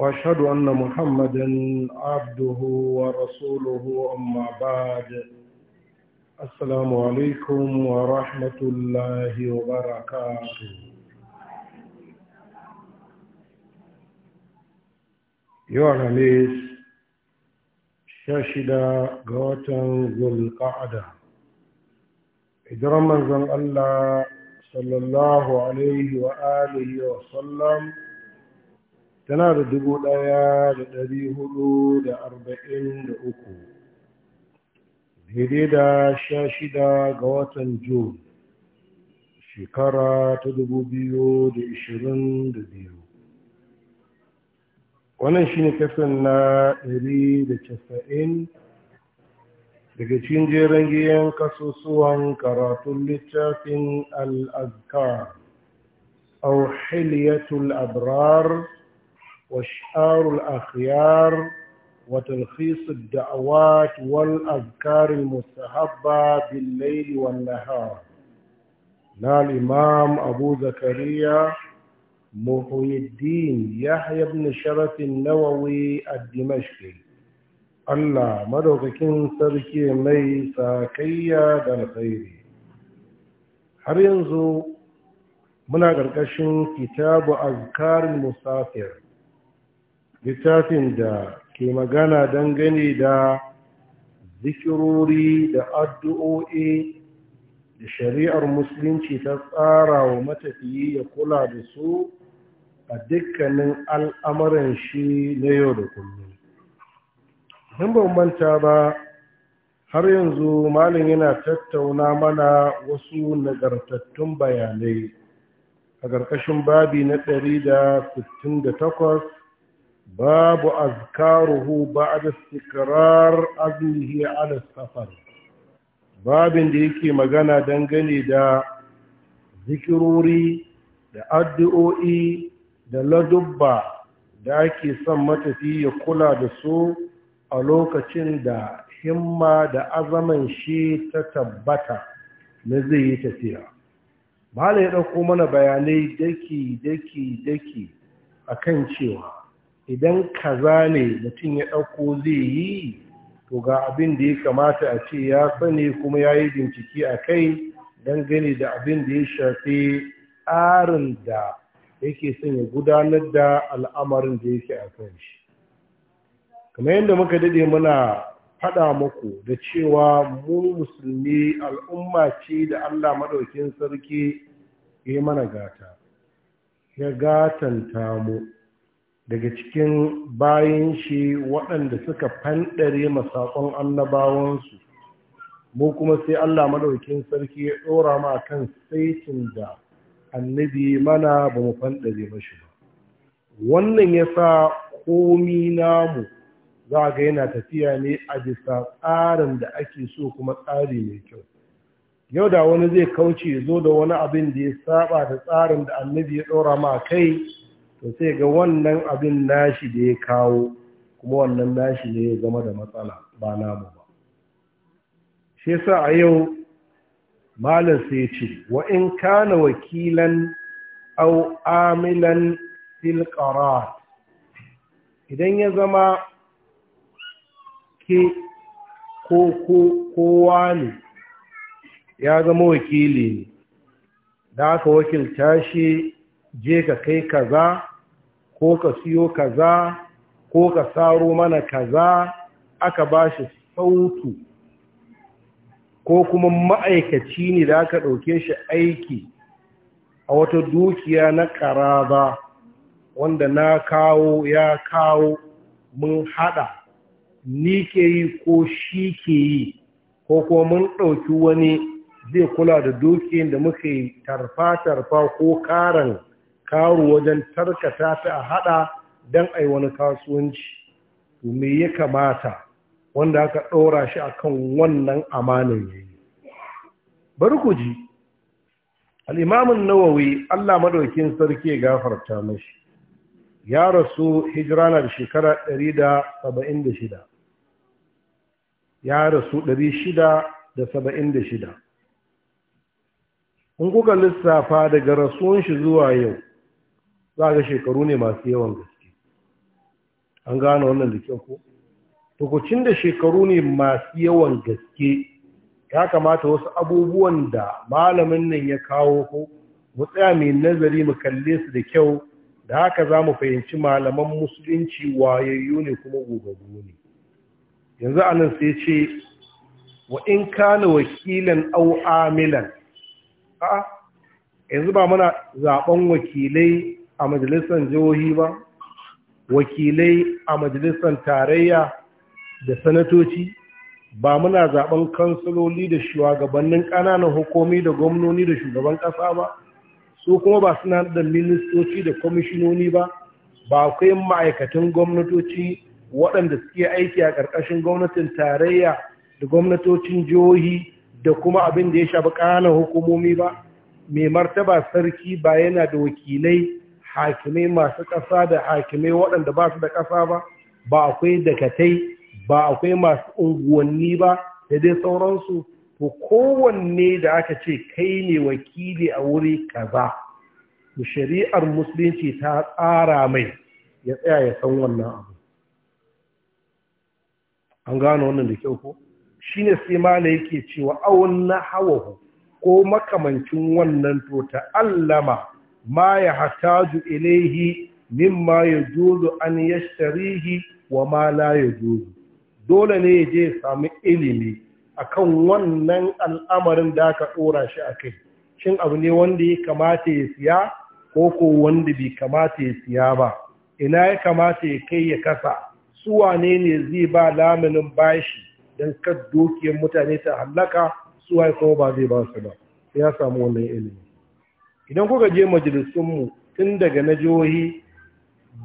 واشهد ان محمدا عبده ورسوله اما بعد السلام عليكم ورحمه الله وبركاته يوانا ليس شاشدا غوتا ذو القعده اجرم الله صلى الله عليه واله وسلم tana da dubu ɗaya da ɗari hudu da arba'in da uku daidai da sha shida ga watan jun shekara ta dubu biyu da ishirin da biyu wannan shi ne kasan na ɗari da casa'in daga cikin jeren kasusuwan karatun littafin al'azkar أو abrar abrar وشعار الأخيار وتلخيص الدعوات والأذكار المستحبة بالليل والنهار لا الإمام أبو زكريا محي الدين يحيى بن شرف النووي الدمشقي Allah madaukakin sarki mai sakayya da alkhairi har yanzu muna ƙarƙashin kitabu azkarin musafir littafin da ke magana dangane da zikirori da addu'o'i da shari'ar musulunci ta tsara wa matafiyi ya kula da su a dukkanin al'amuran shi na yau da kullum. In ban manta ba har yanzu malin yana tattauna mana wasu nagartattun bayanai a ƙarƙashin babi na ɗari da da takwas. باب أذكاره بعد استقرار أذنه على السفر da ديكي مغانا دنغني دا ذكروري da addu'o'i da ladubba da ake son matafiya ya kula da su a lokacin da himma da azaman shi ta tabbata na zai yi tafiya. Bala ya ɗauko mana bayanai daki-daki-daki a kan cewa idan kaza ne mutum ya ɗauko zai yi to ga abin da ya kamata a ce ya sani kuma ya yi bincike a kai dangane da abin da ya shafi tsarin da yake son ya gudanar da al'amarin da yake a kan shi kamar yadda muka dade muna faɗa muku da cewa mu musulmi al'umma ce da allah maɗaukin sarki ya mana gata ya gatanta mu daga cikin bayan shi waɗanda suka fanɗare masakon annabawansu mu kuma sai Allah maɗaukin sarki ya ɗora ma kan saitin da annabi mana ba mu fanɗare mashi ba wannan yasa komi namu za ga yana tafiya ne a bisa tsarin da ake so kuma tsari mai kyau yau da wani zai kauce zo da wani abin da ya saba da tsarin da annabi ya ɗora ma kai to sai ga wannan abin nashi da ya kawo kuma wannan nashi ne ya zama da matsala ba namu ba shi yasa a yau malam sai ce wa in kana wakilan au amilan fil idan ya zama ke ko kowa ne ya zama wakili ne da aka wakilta shi je ka kai kaza ko ka siyo kaza ko ka saro mana kaza aka ba shi sautu ko kuma ma'aikaci ne da aka ɗauke shi aiki a wata dukiya na ƙaraba wanda na kawo ya kawo mun haɗa ni ke yi ko shi ke yi ko kuma mun ɗauki wani zai kula da dukiyar da muka yi tarfa-tarfa ko karan karu wajen tarkata ta a hada don yi wani kasuwanci me ya kamata wanda aka ɗora shi akan wannan amanin yayi bari ku ji al'imamin nawawi Allah madaukin sarki ya gafarta mashi ya rasu hijira da shekara 176 ya rasu 676 in kuka lissafa daga rasuwan shi zuwa yau za ga shekaru ne masu yawan gaske an gane wannan da kyau ko lokacin da shekaru ne masu yawan gaske ya kamata wasu abubuwan da malamin nan ya kawo ko mu tsaya mai nazari mu kalle su da kyau da haka za mu fahimci malaman musulunci wayayyu ne kuma gobe ne yanzu anan sai ce wa in kana wakilan au amilan a yanzu ba muna zaben wakilai a majalisar jihohi ba wakilai a majalisar tarayya da sanatoci ba muna zaben kansiloli da shugabannin ƙananan hukumi da gwamnoni da shugaban ƙasa ba su kuma ba suna da ministoci da kwamishinoni ba ba akwai ma'aikatan gwamnatoci waɗanda suke aiki a ƙarƙashin gwamnatin tarayya da gwamnatocin jihohi da kuma abin da ya shafi ƙananan hukumomi ba mai martaba sarki ba yana da wakilai hakimai masu ƙasa da hakimai waɗanda ba su da ƙasa ba ba akwai dakatai ba akwai masu unguwanni ba da dai sauransu ko kowanne da aka ce kai ne wakili a wuri kaza to shari'ar musulunci ta tsara mai ya tsaya ya san wannan abu an gano wannan da kyau ko shine sai mala yake cewa awon na hawa ko makamancin wannan to ta ta'allama ma ya hataju ilaihi mimma ya juzu an yashtarihi wa ma la ya juzu dole ne ya je sami ilimi akan wannan al'amarin da aka ɗora shi a kai shin abu ne wanda ya kamata ya siya ko ko wanda bai kamata ya siya ba ina ya kamata ya kai ya kasa su wane ne zai ba laminin bashi don kad dukiyar mutane ta hallaka su kuma ba zai ba su ba ya samu wannan ilimi idan kuka je majalisunmu tun daga na jihohi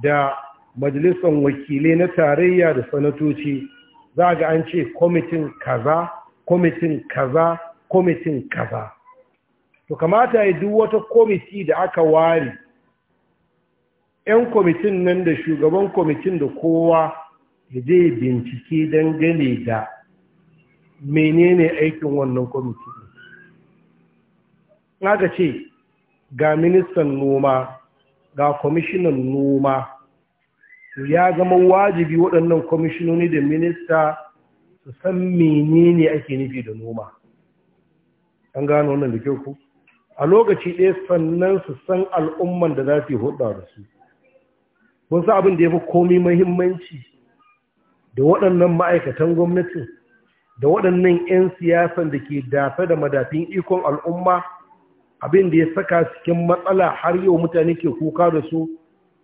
da majalisun wakilai na tarayya da sanatoci za ga an ce kwamitin kaza kwamitin kaza kwamitin kaza to kamata ya duk wata kwamiti da aka ware 'yan kwamitin nan da shugaban kwamitin da kowa ya je bincike don gane da menene aikin wannan kwamiti aka ce ga ministan noma ga kwamishinan noma ya zama wajibi waɗannan kwamishinoni da minista su san menene ake nufi da noma an gano wannan da kyau ku a lokaci ɗaya sannan su san al'umman da za su yi hudu da su sa abin da ya fi komi mahimmanci da waɗannan ma'aikatan gwamnatin da waɗannan 'yan siyasan da ke dafe da madafin ikon al'umma abin da ya saka cikin matsala har yau mutane ke kuka da su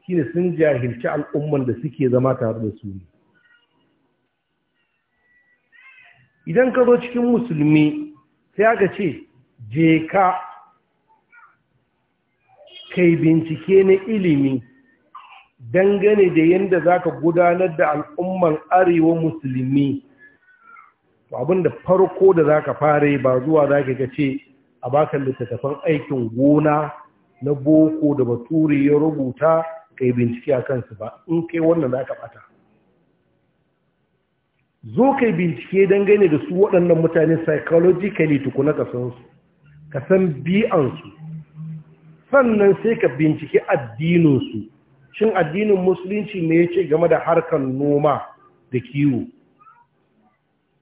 shine sun jahilci al'umman da suke zama tare da su idan ka zo cikin musulmi sai aka ce je ka kai bincike na ilimi dangane da yadda za ka gudanar da al'umman arewa musulmi abin da farko da za ka fara ba zuwa za ka ce a baka littattafan aikin gona na boko da baturi ya rubuta ka yi bincike a kansu ba in kai wannan za ka bata zo ka yi bincike dangane da su waɗannan mutane psychologically tukuna ka san su ka san bi'ansu sannan sai ka bincike addininsu shin addinin musulunci ne ya ce game da harkar noma da kiwo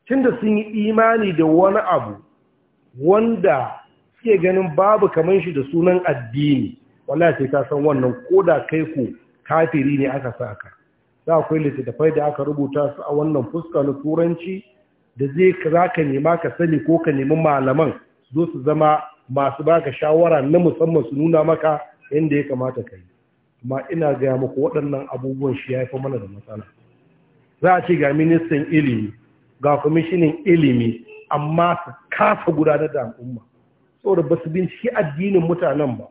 tun da sun yi imani da wani abu wanda suke ganin babu kaman shi da sunan addini wallahi sai ka san wannan koda kai ku kafiri ne aka saka za akwai littattafai da aka rubuta su a wannan fuska na turanci da zai za ka nema ka sani ko ka nemi malaman zo su zama masu baka shawara na musamman su nuna maka inda ya kamata ka yi amma ina gaya muku waɗannan abubuwan shi ya fi mana da matsala za a ce ga ministan ilimi ga kwamishinin ilimi amma su kafa gudanar da al'umma saboda ba su binciki addinin mutanen ba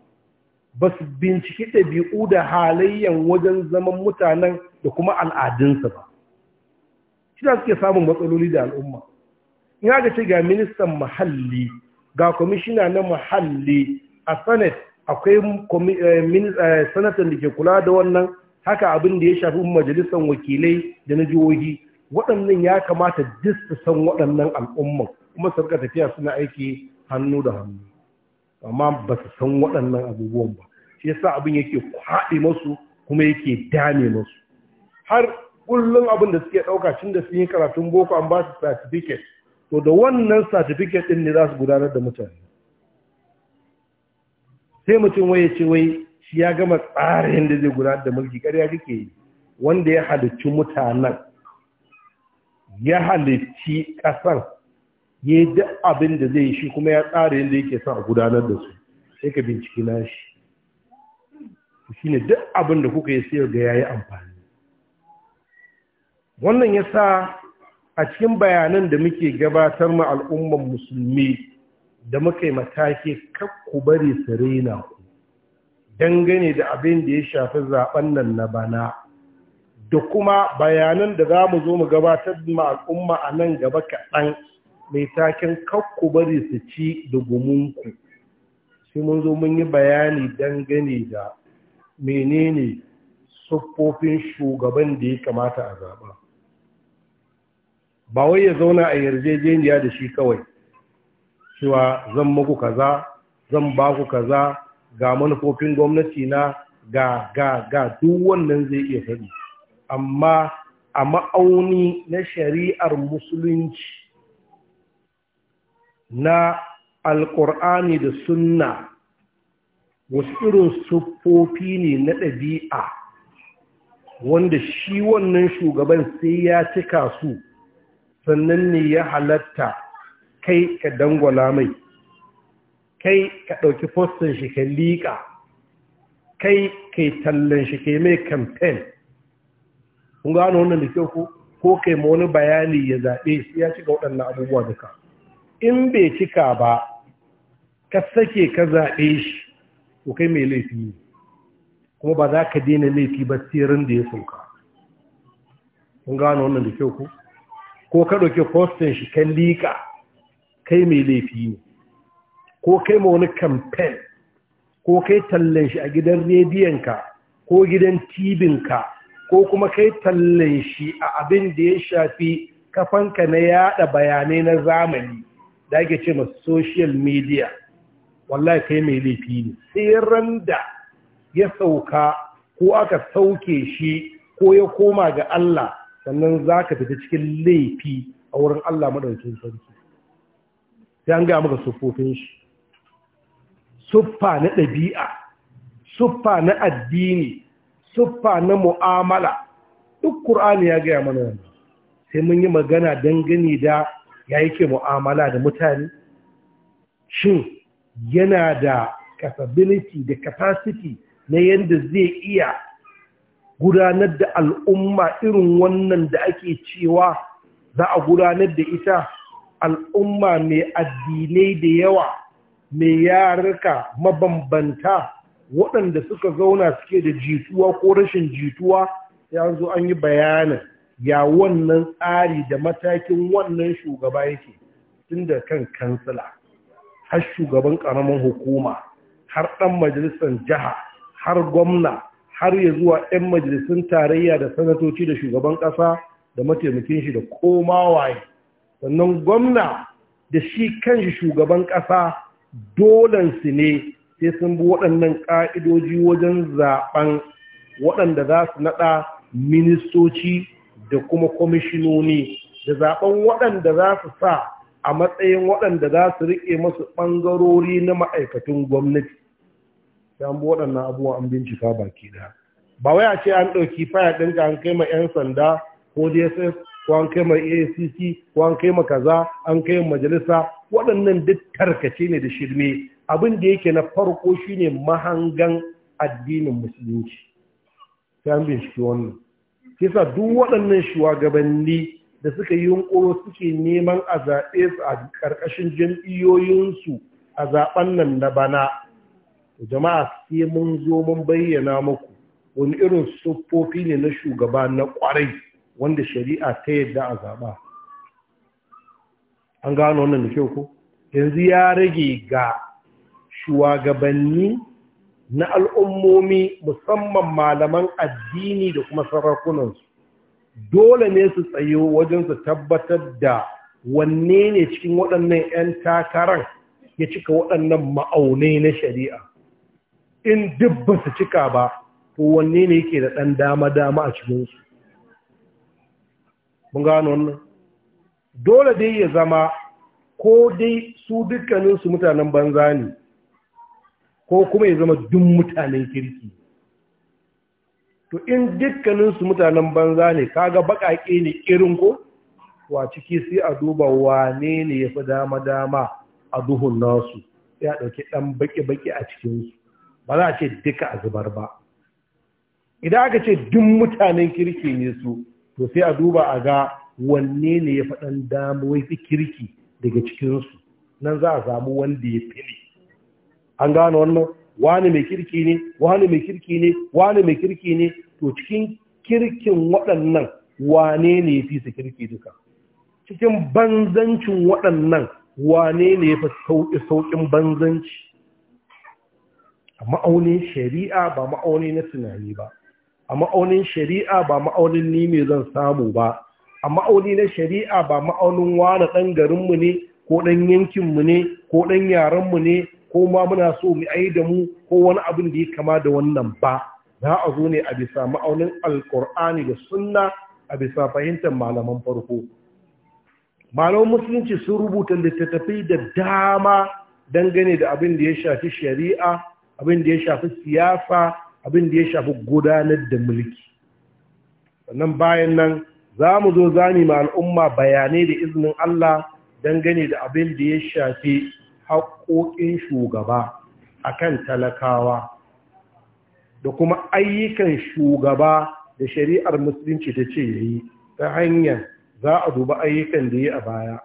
ba su binciki ɗabi'u da halayyan wajen zaman mutanen da kuma al'adunsa ba shi da suke samun matsaloli da al'umma in haka ce ga ministan muhalli ga kwamishina na muhalli a sanat, akwai eh, sanatan eh, da ke kula da wannan haka abin da ya shafi majalisar wakilai da na jihohi waɗannan ya kamata duk su san waɗannan al'umman kuma su tafiya suna aiki hannu da hannu amma ba su san waɗannan abubuwan ba shi yasa abin yake kwaɗe masu kuma yake dame masu har kullum abin da suke ɗauka cin da sun yi karatun boko an ba su certificate to da wannan satifiket ɗin ne za su gudanar da mutane sai mutum waye ce wai shi ya gama tsarin da zai gudanar da mulki ƙarya kake yi wanda ya halicci mutanen ya halicci ƙasar ya yi duk abin da zai yi shi kuma ya tsara yadda yake sa a gudanar da su sai ka binciki na shi shi ne duk abin da kuka yi sai ga ya yi amfani wannan ya sa a cikin bayanan da muke gabatar ma al'umman musulmi da muka yi mataki ku bari su raina ku dangane da abin da ya shafi zaben nan na bana da kuma bayanan da za mu zo mu gabatar ma al'umma a nan gaba kaɗan mai taken kakku bari su ci dugumunku sai mun zo mun yi bayani dangane da menene siffofin shugaban da ya kamata a zaɓa ba wai ya zauna a yarjejeniya da shi kawai cewa zan muku kaza zan ba ku kaza ga manufofin gwamnati na ga ga ga duk wannan zai iya faɗi amma a ma'auni na shari'ar musulunci na alƙur'ani da sunna wasu irin siffofi ne na ɗabi'a wanda shi wannan shugaban sai ya cika su sannan ne ya halatta kai ka dangwala mai kai ka ɗauki fostin shi ka liƙa kai kai tallan shi kai mai kamfen kun gano wannan da kyau ko kai ma wani bayani ya zaɓe sai ya cika waɗannan abubuwa duka in bai cika ba ka sake ka zaɓe shi ko kai mai laifi ne kuma ba za ka daina laifi ba tsirin da ya sauka kun gano wannan da kyau ko ko ka ɗauki kwastan shi kan liƙa kai mai laifi ne ko kai ma wani kamfen ko kai tallan shi a gidan rediyon ka ko gidan ka ko kuma kai tallan shi a abin da ya shafi kafanka na yada bayanai na zamani da ake ce masu social media wallahi kai mai laifi ne sai ran da ya sauka ko aka sauke shi ko ya koma ga Allah sannan za ka fita cikin laifi a wurin Allah maɗaukin sarki sai an gaya maka siffofin shi siffa na ɗabi'a siffa na addini siffa na mu'amala duk ƙur'ani ya gaya mana yanzu sai mun yi magana dangane da ya yake mu'amala da mutane shi yana da capability da capacity na yadda zai iya gudanar da al'umma irin wannan da ake cewa za a gudanar da ita al'umma mai addinai da yawa mai yarurka mabambanta waɗanda suka zauna suke da jituwa ko rashin jituwa ya zo an yi bayanin ya wannan tsari da matakin wannan shugaba yake tun da kan kansila har shugaban ƙaramin hukuma har ɗan majalisar jiha har gwamna har ya zuwa 'yan majalisun tarayya da sanatoci da shugaban ƙasa da mataimakin shi da koma waye sannan gwamna da shi kan shi shugaban ƙasa su ne sai sun bi waɗannan ƙa'idoji wajen zaɓen waɗanda za su naɗa ministoci da kuma kwamishinoni da zaben waɗanda za su sa a matsayin waɗanda za su riƙe masu ɓangarori na ma'aikatan gwamnati ta bi waɗannan abubuwan an bincika baki da ba waya ce an ɗauki faya ɗinka an kai ma 'yan sanda ko dss ko an kai ma acc ko an kai ma kaza an kai majalisa waɗannan duk tarkace ne da shirme abin da yake na farko shine mahangan addinin musulunci ta binciki wannan Kisa duk waɗannan shugabanni da suka yi yunƙuro suke neman a zaɓe su a ƙarƙashin jam'iyyoyinsu a zaɓen nan na bana jama'a sai mun zo mun bayyana muku wani irin siffofi ne na shugaba na ƙwarai wanda shari'a ta yadda a zaɓa an gano wannan da kyau ko yanzu ya rage ga shugabanni na al'ummomi musamman malaman addini da kuma sarakunansu dole ne su tsayo wajen su tabbatar da wanne ne cikin waɗannan 'yan takarar ya cika waɗannan ma'aunai na shari'a in duk ba su cika ba ko wanne ne yake da ɗan dama-dama a cikinsu mun gano wannan dole dai ya zama ko dai su dukkaninsu mutanen banza ne ko kuma ya zama duk mutanen kirki to in dukkaninsu mutanen banza ne kaga baƙaƙe ne irin ko wa ciki sai a duba wane ne ya fi dama-dama a duhun nasu ya ɗauki ɗan baƙi-baƙi a cikinsu ba za a ce duka a zubar ba idan aka ce duk mutanen kirki ne su to sai a duba a ga wanne ne ya faɗan damawai fi kirki daga cikinsu nan za a samu wanda ya fili an gano wannan wani mai kirki ne wani mai kirki ne wani mai kirki ne to cikin kirkin waɗannan wane ne ya fi su kirki duka cikin banzancin waɗannan wane ne ya fi sauƙin banzanci a ma'aunin shari'a ba ma'auni na tunani ba a ma'aunin shari'a ba ma'aunin ni mai zan samu ba a ma'auni na shari'a ba ma'aunin wane ɗan garinmu ne ko ɗan yankinmu ne ko ɗan yarenmu ne ko ma muna so mu ai da mu ko wani abin da ya kama da wannan ba za a zo ne a bisa ma'aunin alkur'ani da sunna a bisa fahimtar malaman farko malaman musulunci sun rubuta littattafai da dama dangane da abin da ya shafi shari'a abin da ya shafi siyasa abin da ya shafi gudanar da mulki sannan bayan nan za mu zo zami ma al'umma bayanai da izinin Allah dangane da abin da ya shafi haƙoƙin shugaba a kan talakawa da kuma ayyukan shugaba da shari'ar musulunci ta ce yayi ta hanyar za a duba ayyukan da yi a baya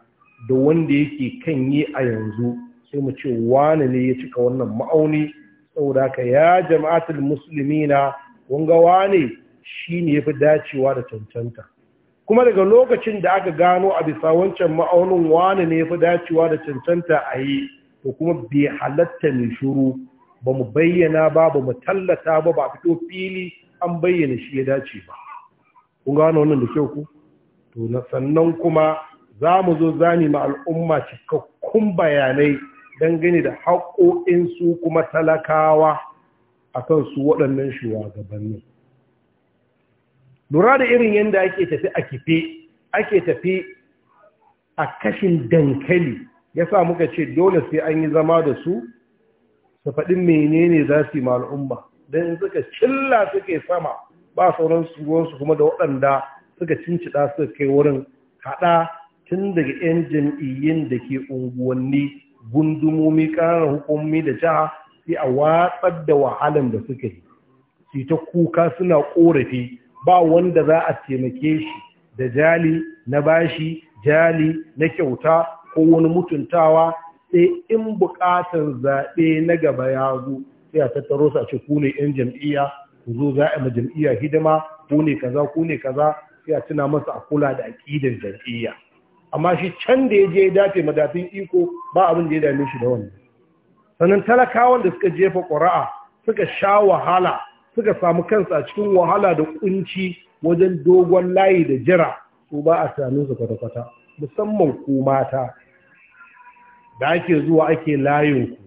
da wanda yake kan yi a yanzu sai mu ce wane ne ya cika wannan ma'auni saboda ka ya jama'atul musulmi na wanga wane shi ne ya fi dacewa da cancanta kuma daga lokacin da aka gano a bisa wancan ma'aunin wani ne fi dacewa da cancanta a yi to kuma bai halatta mai shuru ba mu bayyana ba ba mu tallata ba ba fito fili an bayyana shi ya dace ba kun gano wannan da kyau ku to na sannan kuma za mu zo zani ma al'umma cikakkun bayanai dangane da haƙoƙin su kuma talakawa akan su waɗannan shugabannin lura da irin yadda ake tafi a kife ake tafi a kashin dankali ya sa muka ce dole sai an yi zama da su su faɗin menene za su yi al'umma don suka cilla suke sama ba sauran ruwansu kuma da waɗanda suka cincida suka kai wurin haɗa tun daga 'yan jam'iyyun da ke unguwanni gundumomi ƙananan hukumomi da jiha sai a watsar da wahalan da suka yi ta kuka suna ƙorafi ba wanda za a taimake shi da jali na bashi jali na kyauta ko wani mutuntawa sai in buƙatar zaɓe na gaba ya zo sai a tattaro su a ce ku ne 'yan jam'iyya ku zo za a ma jam'iyya hidima ku ne kaza ku ne kaza sai a tuna masa a kula da aƙidar jam'iyya amma shi can da ya je ya dace madafin iko ba abin da ya dame shi da wannan sannan talakawan da suka jefa ƙuri'a suka sha wahala suka samu kansu a cikin wahala da kunci wajen dogon layi da jira su ba a tunaninsu kwata-kwata musamman ku mata da ake zuwa ake layinku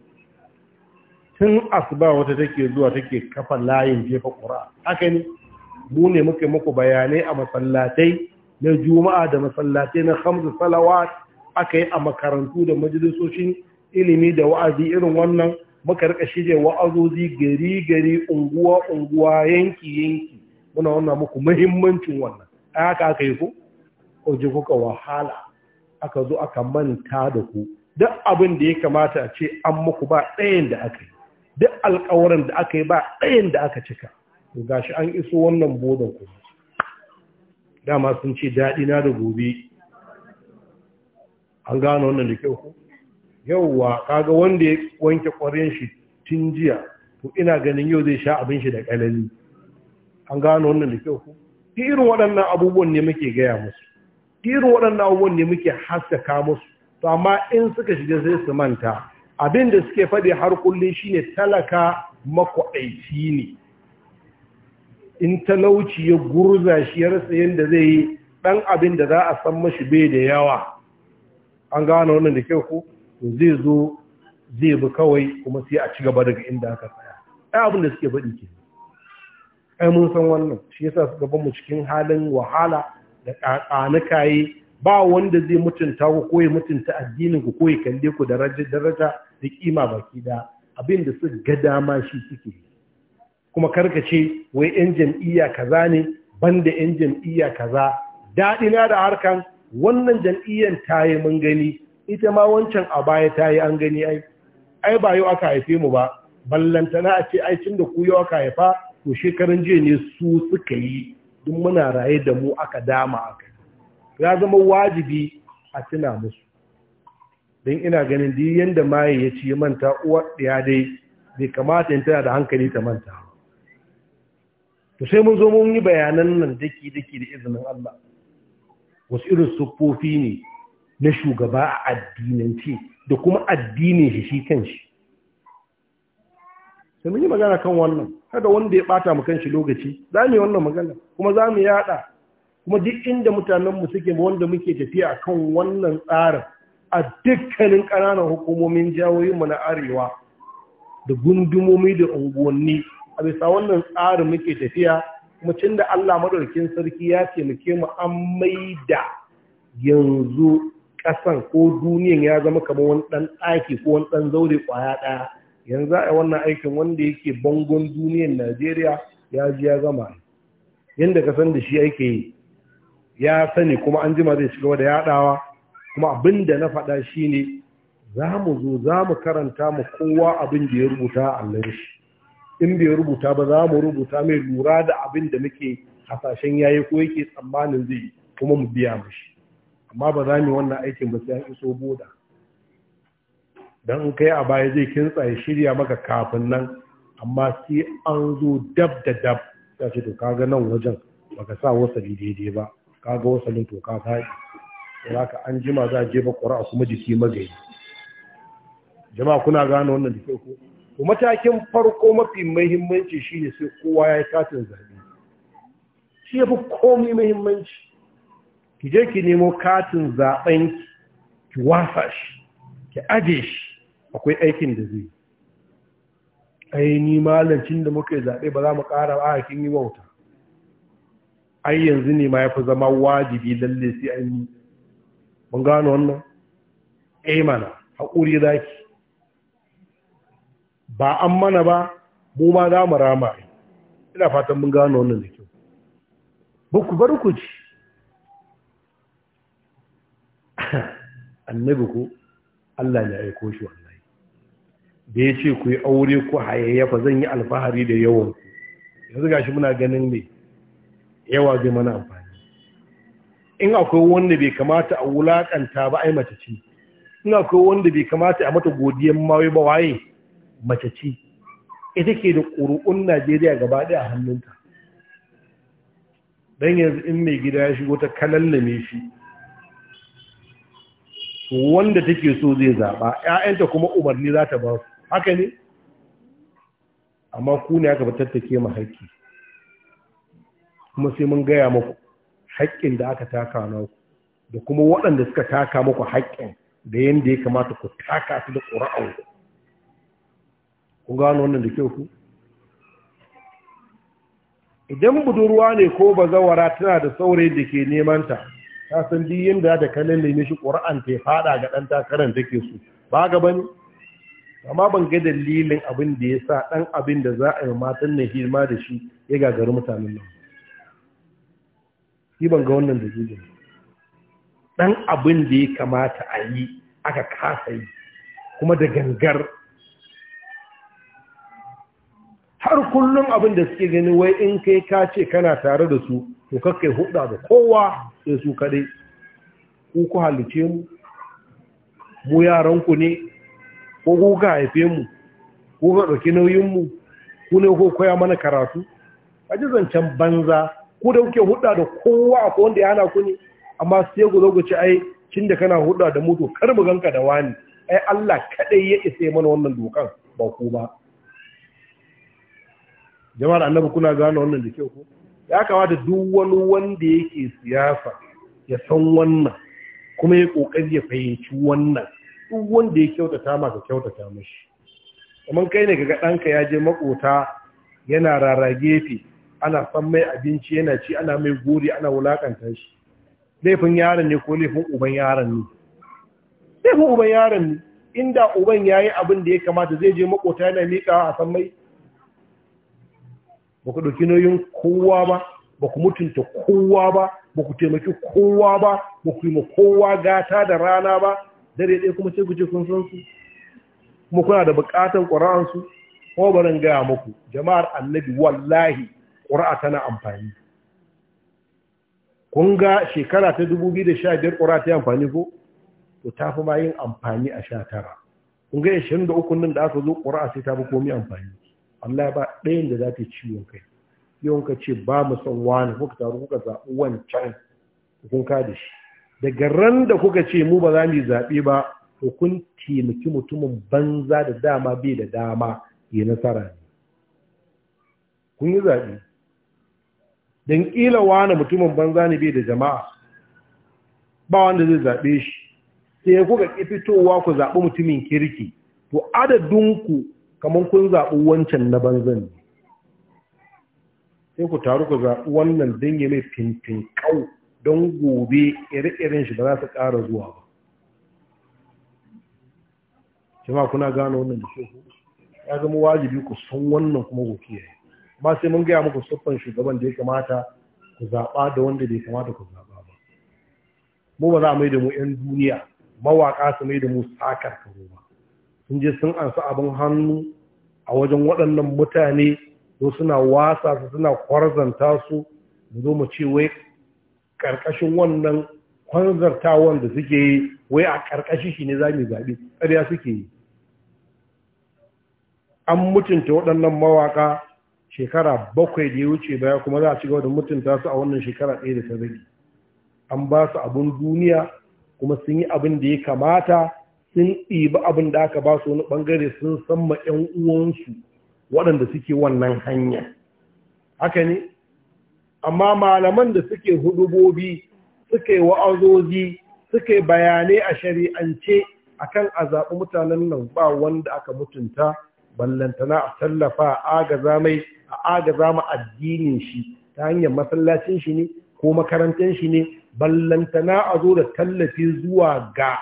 tun asuba wata take zuwa take kafa layin jefa ƙura haka ne mu ne muke muku bayanai a masallatai na juma'a da masallatai na hamsu Salawa aka yi a makarantu da majalisoshin ilimi da wa'azi irin wannan muka rika shirya wa'azozi gari gari unguwa unguwa yanki yanki muna wannan muku muhimmancin wannan a haka aka yi ku ko kuka wahala aka zo aka manta da ku duk abin da ya kamata a ce an muku ba ɗayan da aka yi duk alƙawarin da aka yi ba ɗayan da aka cika to shi an iso wannan bodan ku dama sun ce daɗi na da gobe an gane wannan da kyau ku yauwa kaga wanda ya wanke ƙwaren shi tun jiya to ina ganin yau zai sha abin shi da kalali an gano wannan da kyau ku irin waɗannan abubuwan ne muke gaya musu irin waɗannan abubuwan ne muke haskaka musu to amma in suka shiga sai su manta abin da suke faɗi har kullum shine talaka makwaɗaici ne in talauci ya gurza shi ya rasa yadda zai yi ɗan abin da za a san mashi bai da yawa an gano wannan da kyau ku. to zai zo zai bi kawai kuma sai a ci gaba daga inda aka tsaya ai abin da suke faɗi ke ai mun san wannan shi yasa suka gaban mu cikin halin wahala da yi. ba wanda zai mutunta ku ko ya mutunta addinin ku ko ya kalle ku daraja daraja da kima baki da abin da su ga dama shi suke kuma karkace wai yan jam'iyya kaza ne banda yan jam'iyya kaza daɗina da harkan wannan jam'iyyan ta yi mun gani ita ma wancan a baya ta yi an gani ai ai ba yau aka haife mu ba ballantana a ce ai da ku yau aka haifa to shekarun jiya ne su suka yi duk muna raye da mu aka dama aka ya zama wajibi a tuna musu don ina ganin duk yadda maye ya ci manta uwar ɗaya dai bai kamata in tana da hankali ta manta to sai mun zo mun yi bayanan nan daki daki da izinin Allah wasu irin siffofi ne na shugaba a addinance da kuma addinin shi shi kanshi sai mun yi magana kan wannan kada wanda ya bata mu kanshi lokaci za mu yi wannan magana kuma za mu yada kuma duk inda mutanenmu suke wanda muke tafiya kan wannan tsarin a dukkanin ƙananan hukumomin jawoyinmu na arewa da gundumomi da unguwanni a bisa wannan tsarin muke tafiya kuma cin da Allah madaukakin sarki ya taimake mu an maida yanzu ƙasan ko duniyan ya zama kamar wani ɗan ɗaki ko wani ɗan zaure ƙwaya ɗaya yanzu a yi wannan aikin wanda yake bangon duniyan najeriya ya ji ya gama yadda ka san da shi ake yi ya sani kuma an jima zai shiga da yaɗawa kuma abin da na faɗa shi ne za mu zo za mu karanta mu kowa abin da ya rubuta a allon shi in bai rubuta ba za mu rubuta mai lura da abin da muke hasashen yayi ko yake tsammanin zai kuma mu biya mashi amma ba za mu wannan aikin ba sai an iso boda don in kai a baya zai kintsa ya shirya maka kafin nan amma sai an zo dab da dab ya ce to kaga nan wajen baka sa wasali daidai ba kaga wasalin to ka faɗi sai ka an jima za a ba ƙura kuma jiki magayi jama'a kuna gane wannan da ko to matakin farko mafi muhimmanci shine sai kowa ya yi katin zaɓe shi ya fi komai muhimmanci ki je ki nemo katin zaben ki wasa shi ki aje shi akwai aikin da zai ai ni malancin da muka zaɓe ba za mu ƙara ba kin yi wauta ai yanzu ne ma yafi zama wajibi lalle sai an yi mun gano wannan eh mana hakuri zaki ba an mana ba mu ma za mu rama ina fatan mun gano wannan da kyau ba ku bar ku ci annabi ko Allah ya aiko shi wallahi da ya ce ku yi aure ku hayayyafa zan yi alfahari da yawan ku yanzu gashi muna ganin ne yawa zai mana amfani in akwai wanda bai kamata a wulakanta ba ai mace ce in akwai wanda bai kamata a mata godiyan mawai ba waye mace ce ita ke da ƙuri'un Najeriya gaba ɗaya a hannunta don yanzu in mai gida ya shigo ta kalallame shi wanda take so zai zaɓa ‘ya'yanta kuma umarni za ta ba su haka ne amma ku ne aka tattake ma haƙƙi kuma sai mun gaya maku haƙƙin da aka taka ku da kuma waɗanda suka taka maku haƙƙin da yadda ya kamata ku taka su da ƙura'an ku ku gano wannan da kyau ku idan budurwa ne ko bazawara tana da saurayin da ke nemanta ta san duk yanda da kallon ne shi ƙur'an ta fada ga ɗan takarar take so ba ga bane amma ban ga dalilin abin da ya sa ɗan abin da za a yi matan na hirma da shi ya gagari mutanen nan shi ban ga wannan da dalilin ɗan abin da ya kamata a yi aka kasa yi kuma da gangar har kullum abin da suke gani wai in kai ka ce kana tare da su to kake hudda da kowa sai su kadai ku ku halice mu mu yaranku ne ko ku ka haife mu ko ka dauki nauyin mu ku ne ko koya mana karatu a ji zancen banza ku da kuke hudda da kowa a wanda ya hana ku ne amma sai ku zo ku ci ai cin da kana hudda da mutu kar mu ganka da wani ai Allah kadai ya isa mana wannan dokan ba ku ba jama'ar annabi kuna gane wannan da kyau ko ya kamata duk wani wanda yake siyasa ya san wannan kuma ya kokari ya fahimci wannan duk wanda ya kyautata maka kyautata mashi kamar kai ne ga ɗanka ya je makota yana rara gefe ana san mai abinci yana ci ana mai gori ana wulakanta shi laifin yaron ne ko laifin uban yaron ne laifin uban yaron ne inda uban yayi abin da ya kamata zai je makota yana mika a san mai ba ku ɗauki nauyin kowa ba ba mutunta kowa ba ba taimaki kowa ba ba yi ma kowa gata da rana ba dare ɗaya kuma sai ku ce kun san su kuma kuna da buƙatar ƙura'ansu kuma barin gaya muku jama'ar annabi wallahi ƙura'a tana amfani kun ga shekara ta 2015 ƙura'a ta yi amfani ko to ta fi ma yin amfani a sha tara kun ga 23 nan da aka zo ƙura'a sai ta fi komi amfani Allah ba ɗayan da za ta ciwon kai yawan ka ce ba mu san wani kuka taru kuka zaɓi wancan kun ka da shi daga ran da kuka ce mu ba za mu zaɓe ba to kun taimaki mutumin banza da dama bai da dama ya nasara ne kun yi zaɓe don ƙila wani mutumin banza ne bai da jama'a ba wanda zai zaɓe shi sai kuka ƙi fitowa ku zaɓi mutumin kirki to adadinku kamar kun zaɓi wancan na banzan ne sai ku taru ku zaɓi wannan don ya mai fintin kau don gobe ire-iren shi ba za su ƙara zuwa ba jama kuna gano wannan da shehu ya zama wajibi ku san wannan kuma ku kiyaye amma sai mun gaya muku siffan shugaban da ya kamata ku zaɓa da wanda bai kamata ku zaɓa ba mu ba za a mai da mu 'yan duniya mawaƙa su mai da mu sakar karo ba sun je sun ansa abin hannu a wajen waɗannan mutane ko suna wasa su suna kwarzanta su zo mu ce wai ƙarƙashin wannan kwanzartawan da suke yi wai a ƙarƙashi shi ne za mu zaɓi ƙarya suke yi an mutunta waɗannan mawaƙa shekara bakwai da ya wuce baya kuma za a ci gaba da mutunta su a wannan shekara ɗaya da ta rage an ba su abin duniya kuma sun yi abin da ya kamata sun ɗiba abin da aka ba su wani ɓangare sun san ma 'yan uwansu waɗanda suke wannan hanya haka ne amma malaman da suke hudubobi suke wa'azoji, suke bayanai a shari'ance akan a zaɓi mutanen nan ba wanda aka mutunta ballantana a tallafa a agaza mai a agaza ma addinin shi ta hanyar masallacin shi ne ko makarantar shi ne ballantana a zo da tallafi zuwa ga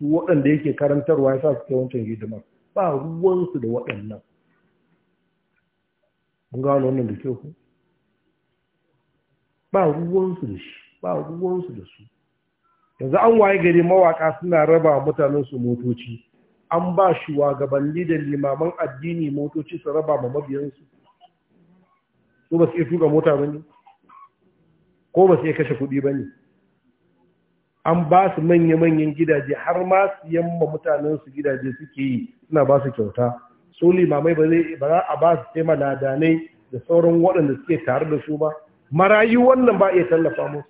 su waɗanda yake karantarwa ya sa suke wancan hidimar ba ruwansu da waɗannan mun gano wannan da ke ku ba ruwansu da shi ba ruwansu da su yanzu an waye gari mawaƙa suna raba mutanen su motoci an ba shi gabanni da limaman addini motoci su raba ma mabiyansu ko ba su iya tuka mota ba ne ko ba su iya kashe kuɗi ba ne an ba su manya-manyan gidaje har ma su yamma mutanen su gidaje suke yi suna ba su kyauta su limamai ba zai ba a ba su sai maladanai da sauran waɗanda suke tare da su ba marayu wannan ba iya tallafa musu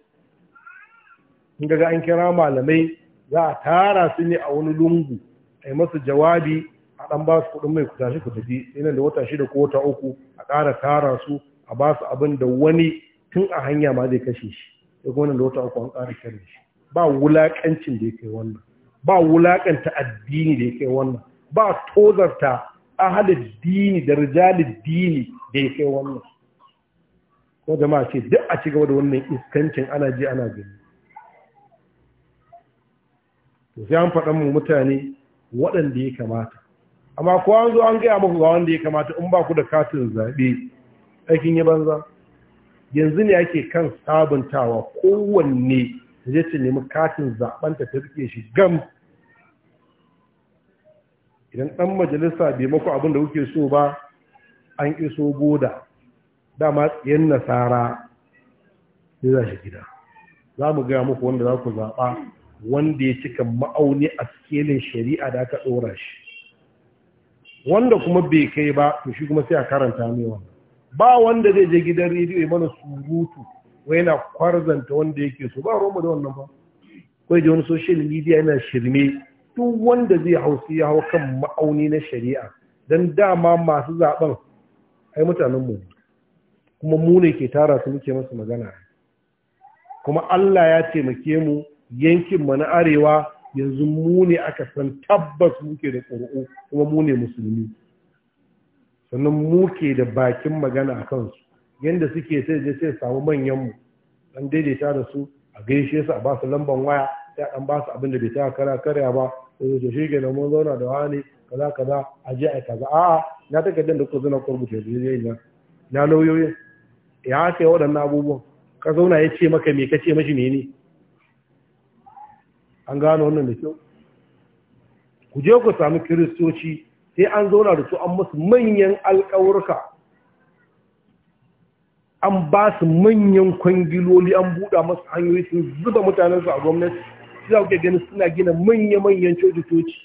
in ga an kira malamai za a tara su ne a wani lungu a yi masu jawabi a ɗan ba su kuɗin mai kutashi tashi ku tafi yana da wata shida ko wata uku a ƙara tara su a ba su abin da wani tun a hanya ma zai kashe shi ya kuma da wata uku an ƙara kare shi ba wulakancin da yake wannan ba wulakanta addini da yake wannan ba tozarta ahalin dini da rijalin dini da yake wannan ko jama'a ce duk a cigaba da wannan iskancin ana ji ana gani to sai an faɗa mu mutane waɗanda ya kamata amma ko an zo an gaya muku ga wanda ya kamata in ba ku da katin zaɓe aikin yi banza yanzu ne ake kan sabuntawa kowanne ta je ta nemi katin zaɓanta ta rike shi gam idan ɗan majalisa bai maku abin da kuke so ba an iso goda. dama tsayen nasara sai za shi gida za mu gaya muku wanda za ku zaɓa wanda ya cika ma'auni a tsakelin shari'a da aka ɗora shi wanda kuma bai kai ba to shi kuma sai a karanta mai wannan ba wanda zai je gidan rediyo ya mana surutu wai yana kwarzanta wanda yake so ba Roma da wannan ba kai da wani social media yana shirme duk wanda zai hau sai ya hau kan ma'auni na shari'a don dama masu zaben ai mutanen mu kuma mu ne ke tara su muke masu magana kuma Allah ya taimake mu yankin mu na arewa yanzu mu ne aka san tabbas muke da ƙuri'u kuma mu ne musulmi sannan muke da bakin magana a kansu yanda suke sai je sai samu manyanmu an daidaita da su a gaishe su a ba su lamban waya sai an ba su abin da bai ta kara karya ba sai zo shi ke mun zauna da wani kaza kaza a je a kaza a'a na takardar da ku zuna kurbuta da zai nan na lauyoyi ya haka waɗannan abubuwan ka zauna ya ce maka me ka ce mashi ne an gano wannan da kyau ku je ku sami kiristoci sai an zauna da su an musu manyan alƙawurka an ba su manyan kwangiloli an buɗa masu hanyoyi sun zuba mutanen su a gwamnati suna gani suna gina manya-manyan coci-coci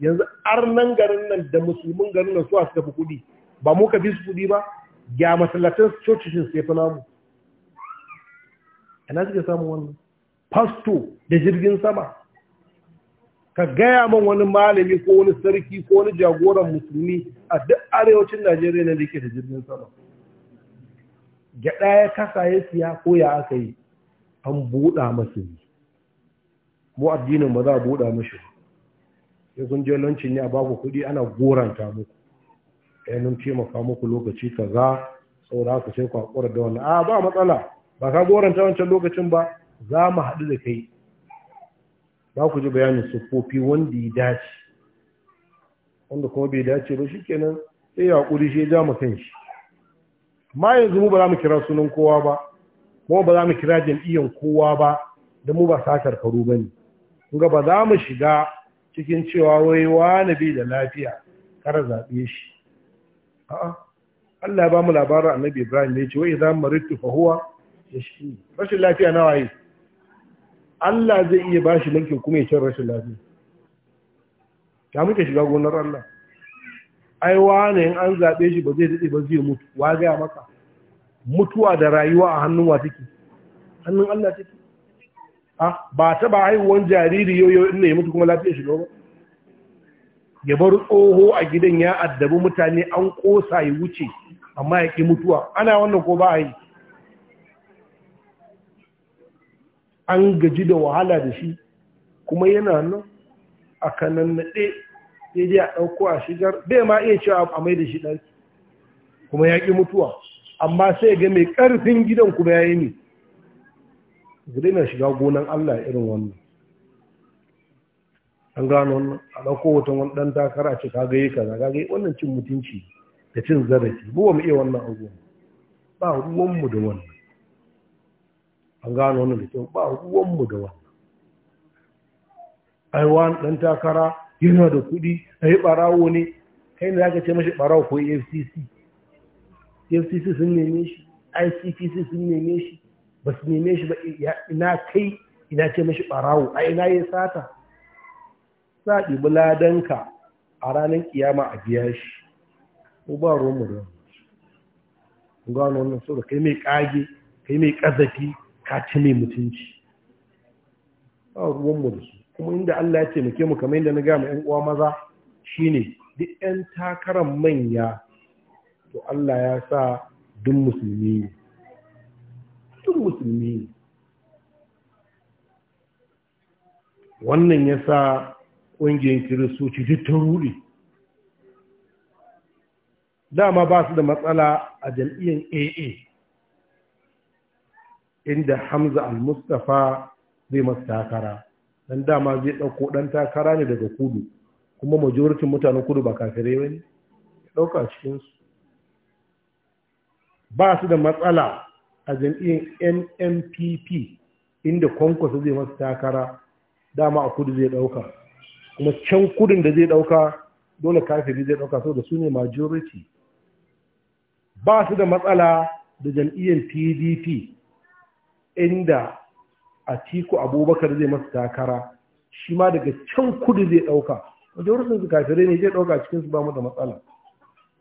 yanzu arnan garin nan da musulmin garin nan su wasu tafi kuɗi ba mu ka fi su kuɗi ba ga masallatan cocicin sai fi namu ana suke samun wannan fasto da jirgin sama ka gaya man wani malami ko wani sarki ko wani jagoran musulmi a duk arewacin najeriya ne da ke da jirgin sama gyaɗa ya kasa ya siya ko ya aka yi an buɗa masu ne mu addinin ba za a buɗa mashi ba ya kun je lancin ya ba kuɗi ana goranta muku ya eh, nun taimaka muku lokaci kaza saboda haka sai ku haƙura da wani a ah, ba matsala ba ka goranta wancan lokacin ba za mu haɗu da kai za ku ji bayanin siffofi wanda ya dace wanda kuma bai dace ba shikenan sai ya haƙuri shi ya ja mu kan shi ma yanzu mu ba za mu kira sunan kowa ba kuma ba za mu kira jam'iyyan kowa ba da mu ba satar karu ba ne kuma ba za mu shiga cikin cewa wai wani bi da lafiya kar zaɓe shi a'a Allah ya ba mu labarin annabi Ibrahim ne ce wai idan maritu fa huwa yashfi rashin lafiya nawa yi Allah zai iya bashi linkin kuma ya cin rashin lafiya ya muke shiga gonar Allah ai wane in an zaɓe shi ba zai daɗe ba zai mutu wa gaya maka mutuwa da rayuwa a hannun wa take hannun Allah take a ba ta ba haihuwan jariri yau yau inda ya mutu kuma lafiya shiga ba ya bar tsoho a gidan ya addabi mutane an ƙosa ya wuce amma ya mutuwa ana wannan ko ba a yi an gaji da wahala da shi kuma yana nan a kanan naɗe sai dai a ɗauko a shigar bai ma iya cewa a mai da shi ɗan kuma ya ƙi mutuwa amma sai ga mai ƙarfin gidan kuma ya yi ne ku na shiga gonan Allah irin wannan an gano wannan a ɗauko hoton wani ɗan takara ce kaga yi kaza kaga gaye wannan cin mutunci da cin zarafi ba mu iya wannan abubuwan ba ruwanmu da wannan an gano wannan da kyau ba ruwanmu da wannan ai wani ɗan takara yana da kuɗi a yi ɓarawo ne kai ne za ce mashi ɓarawo ko fcc fcc sun neme shi icpc sun neme shi ba su neme shi ba ina kai ina ce mashi ɓarawo a ina ya sata za a ɗibi a ranar kiyama a biya shi ko ba romu da gano wannan so kai mai kage kai mai kazafi ka ci mai mutunci ba ruwanmu da su kuma inda Allah ya taimake mu kamar inda na ga mu uwa maza shine duk ƴan takarar manya to Allah ya sa duk musulmi ne duk musulmi wannan ya sa ƙungiyar kiristoci duk ta ruɗe dama ba su da matsala a jam'iyyar aa inda hamza al-mustapha zai masu takara dan dama zai ɗauko ɗan takara ne daga kudu kuma majoritin mutanen kudu ba kafirai ba ne ya ɗauka cikinsu ba su da matsala a jam'iyyar nnpp inda kwankwasa zai masu takara dama a kudu zai ɗauka kuma can kudin da zai ɗauka dole kafiri zai ɗauka saboda su ne majority ba su da matsala da jam'iyyar pdp inda atiku abubakar zai masa takara shi ma daga can kudu zai ɗauka wurin su kafirai ne zai ɗauka cikin su ba mu da matsala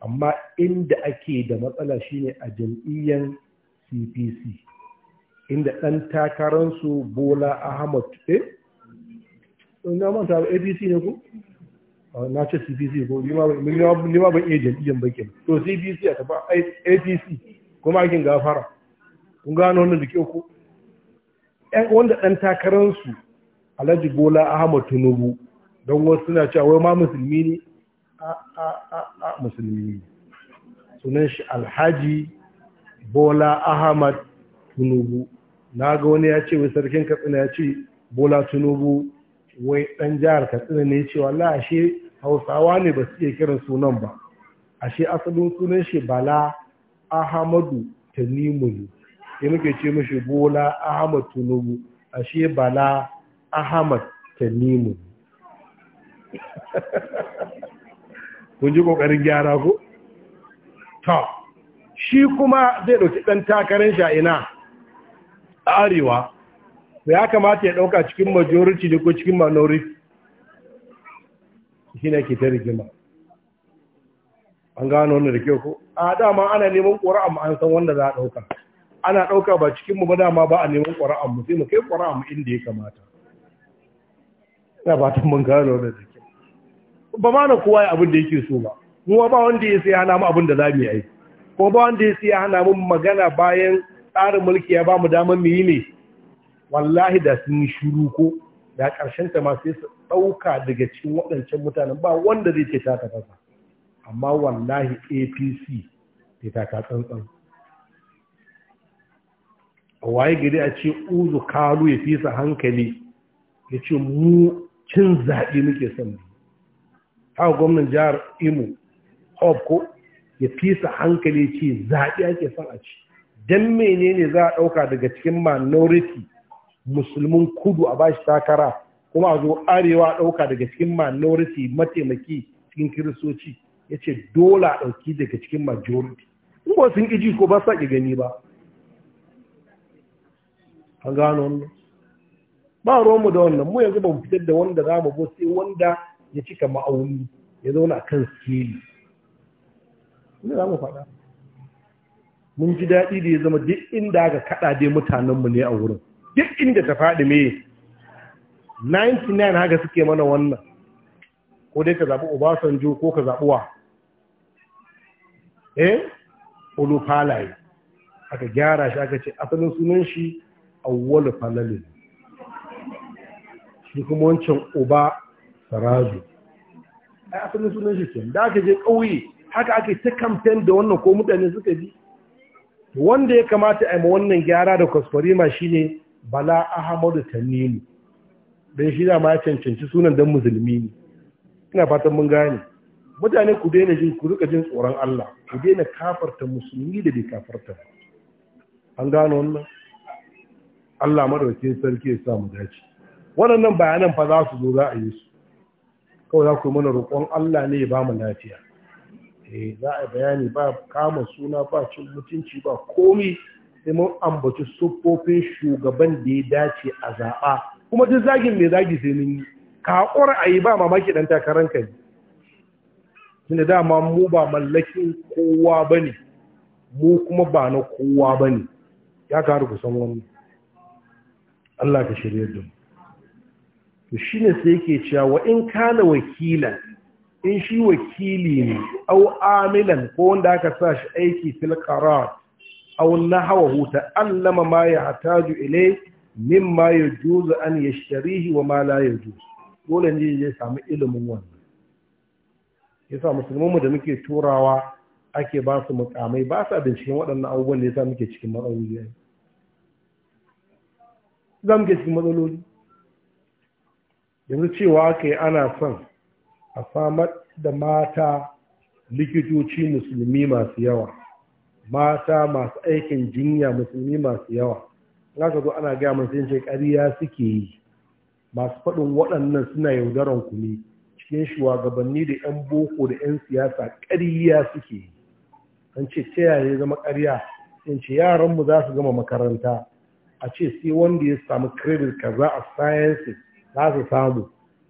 amma inda ake da matsala shine a jam'iyyar cpc inda ɗan takararsu bola ahmad eh na manta ba apc ne ko na ce cpc ko ni ma ban iya jam'iyyar bakin to cpc a tafa apc kuma akin gafara kun gano wannan da kyau ko wanda ɗan takararsu alhaji bola ahmad tinubu don wasu suna cewa wai ma musulmi ne a a a a musulmi ne sunan shi alhaji bola ahmad tinubu na ga wani ya ce wai sarkin katsina ya ce bola tinubu wai ɗan jihar katsina ne cewa la ashe hausawa ne ba su iya kiran sunan ba ashe asalin sunan shi bala ahmadu tanimu ne sai muke ce mashi bola ahmad tunubu ashe bala ahmad tanimu kun ji kokarin gyara ko. ta shi kuma zai ɗauki dan takarar shi a ina arewa ya kamata ya ɗauka cikin majority ne ko cikin minority shi ne ke ta rigima an gano wannan da kyau ko a dama ana neman ƙura amma an san wanda za a ɗauka. ana ɗauka ba cikin mu ba dama ba a neman ƙwara'an mu sai mu kai ƙwara'an mu inda ya kamata ina ba mun gano da take ba ma na kowa abin da yake so ba mu ba wanda ya sai hana mu abin da za yi ko ba wanda ya sai hana mu magana bayan tsarin mulki ya ba mu damar mu yi ne wallahi da sun shiru ko da ƙarshen ta ma sai su ɗauka daga cikin waɗancan mutanen ba wanda zai ce ta ta amma wallahi apc ta ta tsantsan a waye gari a ce uzu kalu ya fisa hankali ya ce mu cin zaɓe muke son mu haka gwamnan jihar imo hope ko ya fisa hankali ya ce zaɓe ake son a ci don menene za a ɗauka daga cikin minority musulmin kudu a bashi takara kuma a zo arewa ɗauka daga cikin minority mataimaki cikin kiristoci ya ce dole a ɗauki daga cikin majority in ba sun ƙi ko ba sa ƙi gani ba an gano wannan ba mu da wannan mu yanzu ba mu fitar da wanda za mu bo sai wanda ya cika ma'auni ya zauna kan sikeli. inda za mu faɗa mun ji daɗi da ya zama duk inda aka kaɗa dai mutanenmu ne a wurin duk inda ta faɗi me 99 haka suke mana wannan ko dai ka zaɓi obasanjo ko ka zaɓi wa eh olufalaye aka gyara shi aka ce asalin sunan shi awwalu falalin shi kuma wancan uba sarazu ai asalin sunan shi kenan da aka je kauye haka ake ta kamfen da wannan ko mutane suka ji wanda ya kamata a yi wannan gyara da kwaskwarima shine bala ahmadu tanimu don shi da ma ya cancanci sunan dan musulmi ne ina fatan mun gane mutane ku daina jin ku rika jin tsoron Allah ku daina kafarta musulmi da bai kafarta an gano wannan Allah madaukakin sarki ya sa mu dace waɗannan bayanan fa za su zo za a yi su kawai za ku mana roƙon Allah ne ya ba mu lafiya eh za a bayani ba kama suna ba cin mutunci ba komai sai mun ambaci siffofin shugaban da ya dace a zaɓa kuma duk zagin mai zagi sai mun yi ƙura a ba mamaki ɗan takarar ka ne tunda dama mu ba mallakin kowa ba ne mu kuma ba na kowa ba ne ya karu kusan wannan Allah ka shirye da to shine sai yake cewa wa in kana wakilan in shi wakili ne au amilan ko wanda aka sa shi aiki fil qarar huta ta allama ma ya min ilay mimma yajuzu an yashtarihi wa ma la yajuzu dole ne ya samu ilimin wannan yasa musulman mu da muke turawa ake ba su mukamai ba sa binciken waɗannan abubuwan da yasa muke cikin matsaloli za mu gaske matsaloli yanzu cewa aka yi ana son a samar da mata likitoci musulmi masu yawa mata masu aikin jinya musulmi masu yawa za ka zo ana gaya masu yin karya suke yi masu faɗin waɗannan suna yaudaran ku ne cikin shugabanni da 'yan boko da 'yan siyasa ƙariya suke yi an ce ta yaya zama ƙariya in ce yaranmu za su gama makaranta a ce sai wanda ya samu credit kaza a sciences za su samu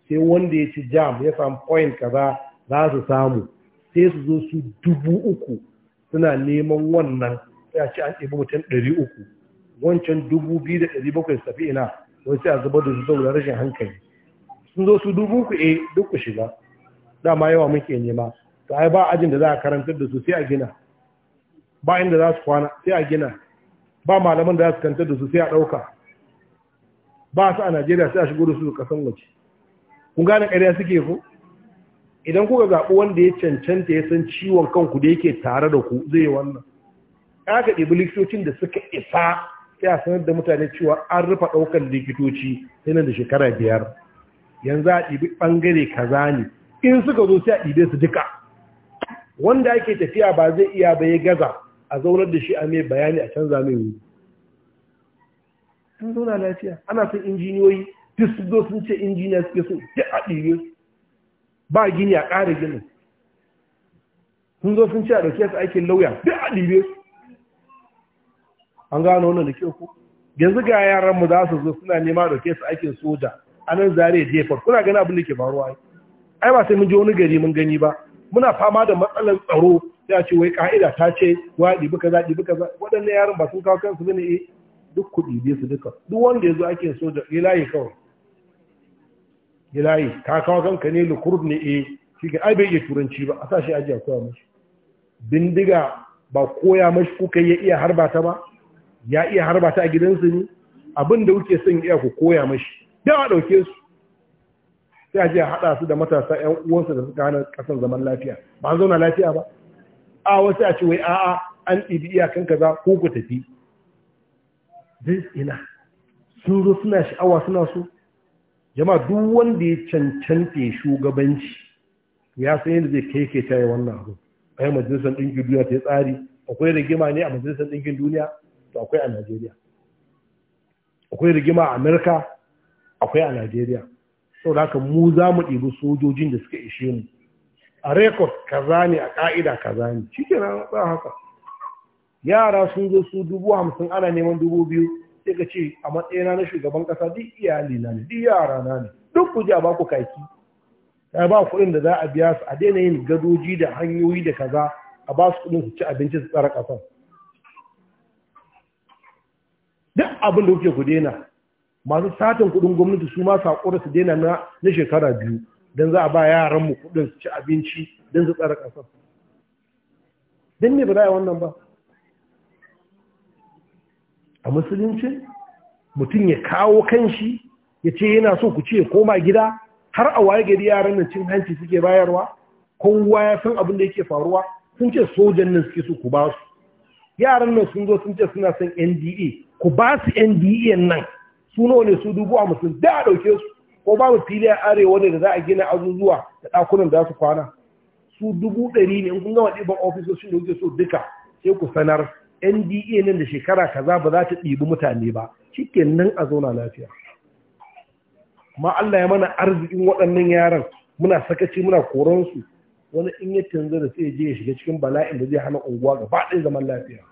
sai wanda ya ci jam ya samu point kaza za su samu sai su zo su dubu uku suna neman wannan sai a ce an ɗebi mutum ɗari uku wancan dubu biyu da ɗari bakwai su tafi ina wani sai a zubar da su saboda rashin hankali sun zo su dubu uku eh duk ku shiga dama yawa muke nema to ai ba ajin da za a karantar da su sai a gina ba inda za su kwana sai a gina ba malaman da za su kantar da su sai a ɗauka ba su a najeriya sai a shigo da su kasan waje kun gane ƙarya suke ku idan kuka zaɓi wanda ya cancanta ya san ciwon kanku da yake tare da ku zai wannan ka ɗibi likitocin da suka isa sai a sanar da mutane cewa an rufe ɗaukar likitoci sai nan da shekara biyar yanzu a ɗibi ɓangare kaza ne in suka zo sai a ɗibe su duka wanda ake tafiya ba zai iya ba ya gaza a zaunar da shi a mai bayani a canza mai wuri sun zauna lafiya ana son injiniyoyi duk su zo sun ce injiniya suke so duk a ɗire ba gini a ƙara ginin sun zo sun ce a ɗauke su aikin lauya duk a ɗire an gano wannan da kyau ku yanzu ga yaran mu za su zo suna nema ɗauke su aikin soja a nan zare jefar kuna gani abin da ke faruwa ai ba sai mun je wani gari mun gani ba muna fama da matsalar tsaro sai a ce wai ka'ida ta ce wa ɗibi kaza ɗibi kaza waɗannan yaran ba sun kawo kansu bane eh duk kuɗi bai su duka duk wanda ya zo ake so da ilayi kawai ilayi ka kawo kanka ne lukur ne eh shi ga ai bai iya turanci ba a sa shi ajiya a koya mashi bindiga ba koya mashi kuka ya iya harba ta ba ya iya harba ta a gidansu ne abin da kuke son iya ku koya mashi don a ɗauke su sai a je a haɗa su da matasa 'yan uwansu da suka hana ƙasar zaman lafiya ba zauna lafiya ba a wasu a ce wai a'a an ɗibi iyakan kaza ko ku tafi zai ina sun zo suna sha'awa suna so jama'a duk wanda ya cancanta ya shugabanci ya san yadda zai kai ke tare wannan abu ai majalisar ɗinkin duniya ta yi tsari akwai rigima ne a majalisar ɗinkin duniya to akwai a najeriya akwai rigima a amurka akwai a najeriya sau da haka mu za mu ɗibi sojojin da suka ishe mu a rekod kaza ne a ka'ida kaza ne shi ke nan haka yara sun zo su dubu hamsin ana neman dubu biyu sai ka ce a matsayina na shugaban kasa duk iyali na ne duk yara na ne duk ku je a baku kaki ya ba kuɗin da za a biya su a daina yin gadoji da hanyoyi da kaza a ba su kuɗin su ci abinci su tsara ƙasar duk abin da kuke ku daina masu satin kuɗin gwamnati su ma saƙura su daina na shekara biyu don za a ba yaranmu kudin su ci abinci don su tsara ƙasar don ne ba za a wannan ba a musulunci mutum ya kawo kanshi ya ce yana so ku ce koma gida har a waye gari yaran nan cin hanci suke bayarwa kowa ya san abin da yake faruwa sun ce sojan nan suke so ku ba su yaran nan sun zo sun ce suna son nda ku ba su nda nan su nawa ne su dubu a musulun da a ɗauke su ko babu fili a arewa ne da za a gina azuzuwa da ɗakunan da za su kwana su dubu ɗari ne in kun gama ɗiban ofisoshin da kuke so duka sai ku sanar nda nan da shekara kaza ba za ta ɗibi mutane ba cikin nan a zauna lafiya ma Allah ya mana arzikin waɗannan yaran muna sakaci muna koransu wani in ya canza da sai je ya shiga cikin bala'in da zai hana unguwa gaba ɗaya zaman lafiya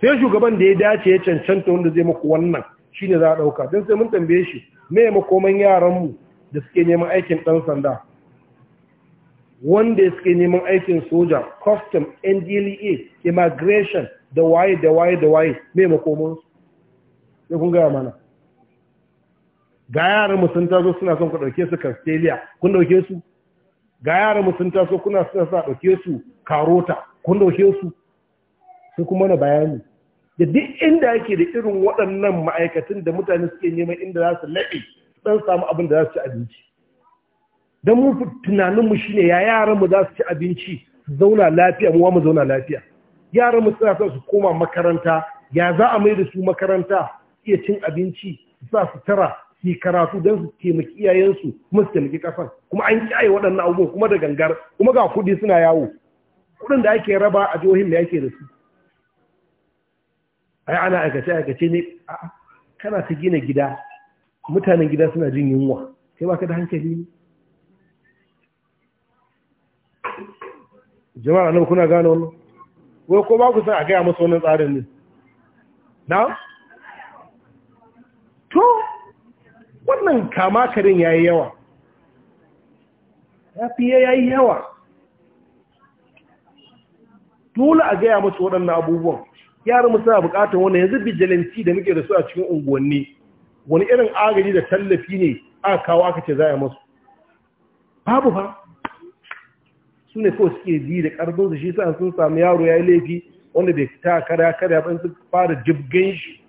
sai shugaban da ya dace ya cancanta wanda zai muku wannan ne za a ɗauka? don sai mun tambaye shi me makoman yaranmu da suke neman aikin ɗan sanda wanda suke neman aikin soja custom ndla e immigration da waye da waye da waye me makoman su sai kun gaya mana ga yaran mu sun taso suna son ku ɗauke su castelia kun dauke su ga yaran mu sun taso kuna suna sa dauke su karota kun dauke su sai kuma na bayani da duk inda yake da irin waɗannan ma'aikatan da mutane suke neman inda za su laɓe don samu abin da za su ci abinci don mu tunaninmu ne ya yaran mu za su ci abinci su zauna lafiya mu mu zauna lafiya yaran mu suna su koma makaranta ya za a mai da su makaranta iya cin abinci su sa su tara su yi karatu don su taimaki iyayensu kuma su taimaki kasan kuma an kyaye waɗannan abubuwan kuma da gangar kuma ga kuɗi suna yawo kuɗin da ake raba a jihohin da ake da su ai ana aikace aikace ne a kana ta gina gida mutanen gida suna jin yunwa kai baka da hankali ne jama'a nan kuna gano wannan wai ko ba ku san a gaya masa wannan tsarin ne na to wannan kama karin yi yawa ya fiye ya yi yawa dole a gaya masa waɗannan abubuwan yaran suna bukatar wani yanzu bijilanci da muke da su a cikin unguwanni wani irin agaji da tallafi ne aka kawo aka ce za a masu babu ba su ne kawai suke ji da karfin su shi sa sun samu yaro ya yi laifi wanda bai ta karya ya ban su fara jibgan shi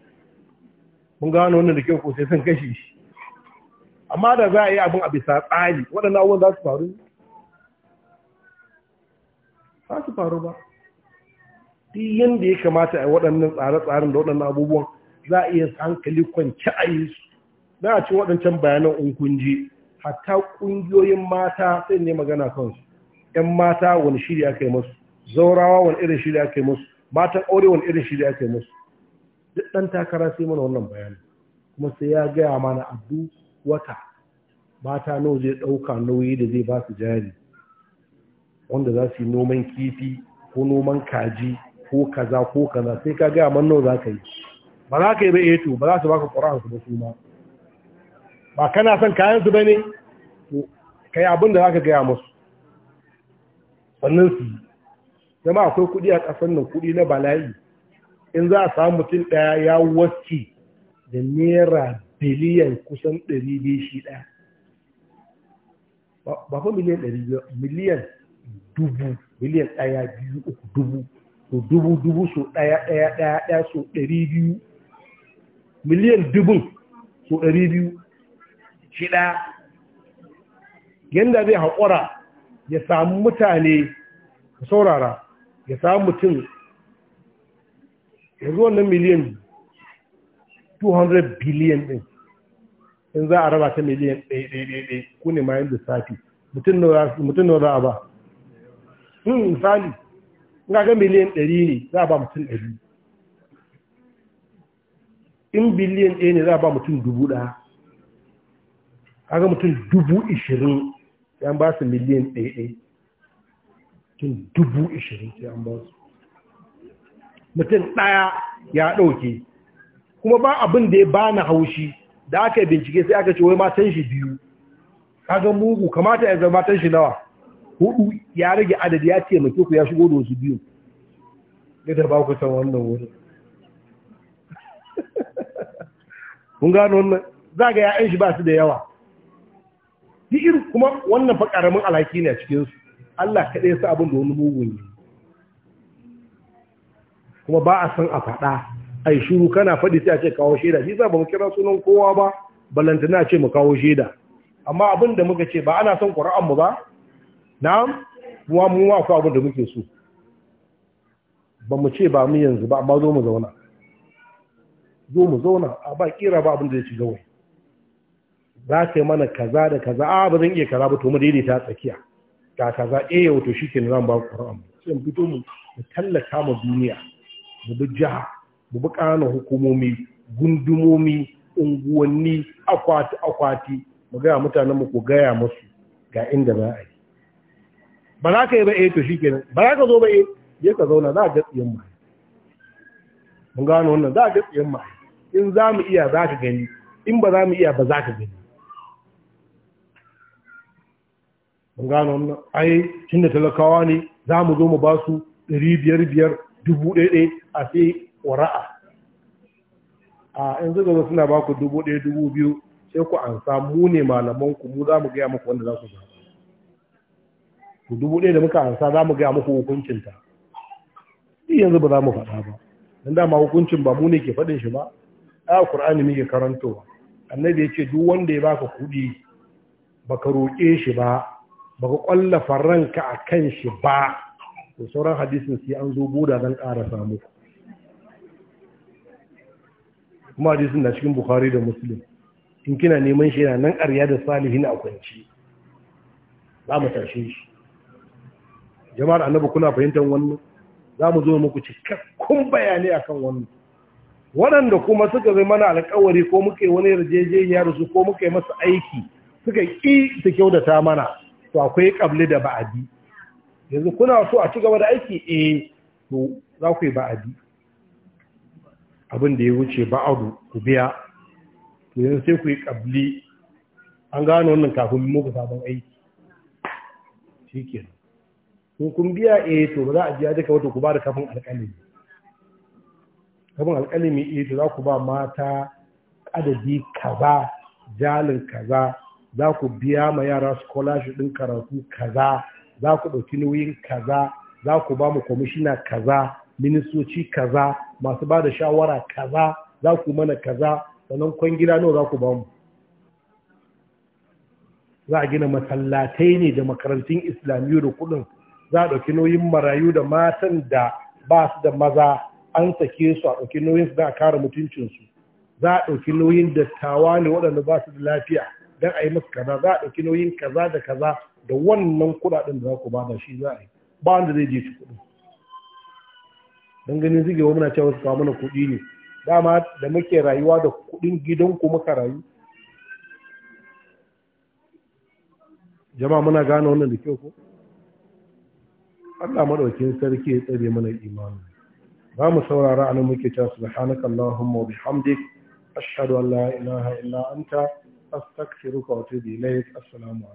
mun gano wannan da kyau ko sai sun kashe shi amma da za a yi abin a bisa tsari waɗannan abubuwan za su faru za su faru ba duk yadda ya kamata a waɗannan tsare-tsaren da waɗannan abubuwan za a iya hankali kwanci a yi su na a ci waɗancan bayanan unkunji hatta ƙungiyoyin mata sai ne magana kansu ‘yan mata wani shiri aka yi musu zaurawa wani irin shiri aka yi musu matan aure wani irin shiri aka yi musu duk ɗan takara sai mana wannan bayani kuma sai ya gaya mana a wata mata nawa zai ɗauka nauyi da zai ba su jari wanda za su yi noman kifi ko noman kaji ko kaza ko kaza sai ka gaya manno za ka yi ba za ka yi ba eto eh ba za su baka ƙura'an su ba su ma ba kana son kayan su ba ne ka yi abin da za ka gaya musu sannan su yi zama akwai kuɗi a ƙasar nan kuɗi na bala'i in za a samu mutum ɗaya ya waske da naira biliyan kusan ɗari biyu shi ɗaya ba fa miliyan ɗari miliyan dubu miliyan ɗaya biyu uku dubu Su dubu dubu su ɗaya ɗaya ɗaya ɗaya su ɗari biyu miliyan dubu, su ɗari biyu shi ɗaya yadda zai haƙura ya samu mutane saurara ya samu mutum zuwa na miliyan 200 biliyan ɗin in za a raba ta miliyan ɗaya ɗaya ɗaya, ku ne ma yin lissafi mutum na za a ba hmm, misali ga ga miliyan ɗari ne za a ba mutum ɗari in biliyan ɗaya ne za a ba mutum dubu ɗaya ga mutum dubu ishirin sai an ba su miliyan ɗaya mutum dubu ishirin sai an ba su mutum ɗaya ya dauke kuma ba abin da ya ba na haushi da aka bincike sai aka ce wai matan shi biyu ga mugu kamata ya zama matan shi nawa hudu ya rage adadi ya ce mai ya shigo da wasu biyu da ba ku san wannan wurin kun gano wannan za ga ya'yan shi ba su da yawa fi'ir kuma wannan fa karamin alhaki ne a cikin su Allah kaɗai ya sa abin da wani mugun ne kuma ba a san a faɗa ai shuru kana faɗi sai a ce kawo shaida shi za ba mu kira sunan kowa ba balantana a ce mu kawo shaida amma abin da muka ce ba ana son ƙura'an mu ba na'am kuma mu ma abin da muke so ba mu ce ba mu yanzu ba amma zo mu zauna zo mu zauna a ba kira ba abin da ya ci gawai za ka yi mana kaza da kaza a ba zan iya kaza ba to mu daidaita tsakiya ga kaza eh wato shi ke zan ba ku Qur'an sai mu fito mu tallata mu duniya mu bi jiha mu bi ƙananan hukumomi gundumomi unguwanni akwati akwati mu gaya mutanen mu ku gaya musu ga inda za a yi ba za ka yi ba eh to kenan, ba za ka zo ba e, je ka zauna za a ga tsiyan mai mun gano wannan za a ga tsiyan mai in za mu iya za ka gani in ba za mu iya ba za ka gani mun gano wannan ai tunda talakawa ne za mu zo mu ba su ɗari biyar biyar dubu ɗaya a sai wara'a a in zuga suna ba ku dubu ɗaya dubu biyu sai ku an samu ne malamanku mu za mu gaya muku wanda za ku zama to dubu ɗaya da muka ansa za mu gaya muku hukuncinta shi yanzu ba za mu faɗa ba don dama hukuncin ba mu ne ke faɗin shi ba a ƙur'ani muke karantowa annabi ya ce duk wanda ya baka kuɗi baka roƙe shi ba baka ƙwallafa ranka a kan shi ba to sauran hadisin sai an zo buda don ƙara samu kuma hadisin na cikin bukhari da muslim in kina neman shi yana nan ƙarya da salihin a kwanci za mu tashe shi jama'ar annabi kuna fahimtar wannan za mu zo muku cikakkun bayani akan wannan waɗanda kuma suka zai mana alkawari ko muke wani yarjejeniya da su ko muke masa aiki suka ƙi su kyautata mana to akwai ƙabli da ba'adi yanzu kuna so a ci gaba da aiki eh to za ku yi ba'adi abin da ya wuce ba'adu ku biya to yanzu sai ku yi ƙabli an gano wannan kafin muka sabon aiki shi kenan ko kun biya eh to ba za a biya duka wata ku ba da kafin alƙalami kafin alƙalami eh to za ku ba mata adadi kaza jalin kaza za ku biya ma yara scholarship din karatu kaza za ku ɗauki nauyin kaza za ku ba mu kwamishina kaza ministoci kaza masu ba da shawara kaza za ku mana kaza sannan kwangila nawa za ku ba mu za a gina masallatai ne da makarantun islamiyyu da kuɗin za a ɗauki nauyin marayu da matan da ba su da maza an sake su a ɗauki nauyin su za a kare mutuncinsu za a ɗauki nauyin dattawa ne waɗanda ba su da lafiya don a yi musu kaza za a ɗauki nauyin kaza da kaza da wannan kuɗaɗen da za ku bada shi za a yi ba wanda zai je ci kuɗi don ganin zige wa muna cewa su kawo mana kuɗi ne dama da muke rayuwa da kuɗin gidanku muka rayu jama'a muna gane wannan da kyau ko Allah madaukin sarki ya tsare mana imani za mu saurara anan muke ta subhanaka allahumma wa bihamdik ashhadu an la ilaha illa anta astaghfiruka wa atubu ilayk assalamu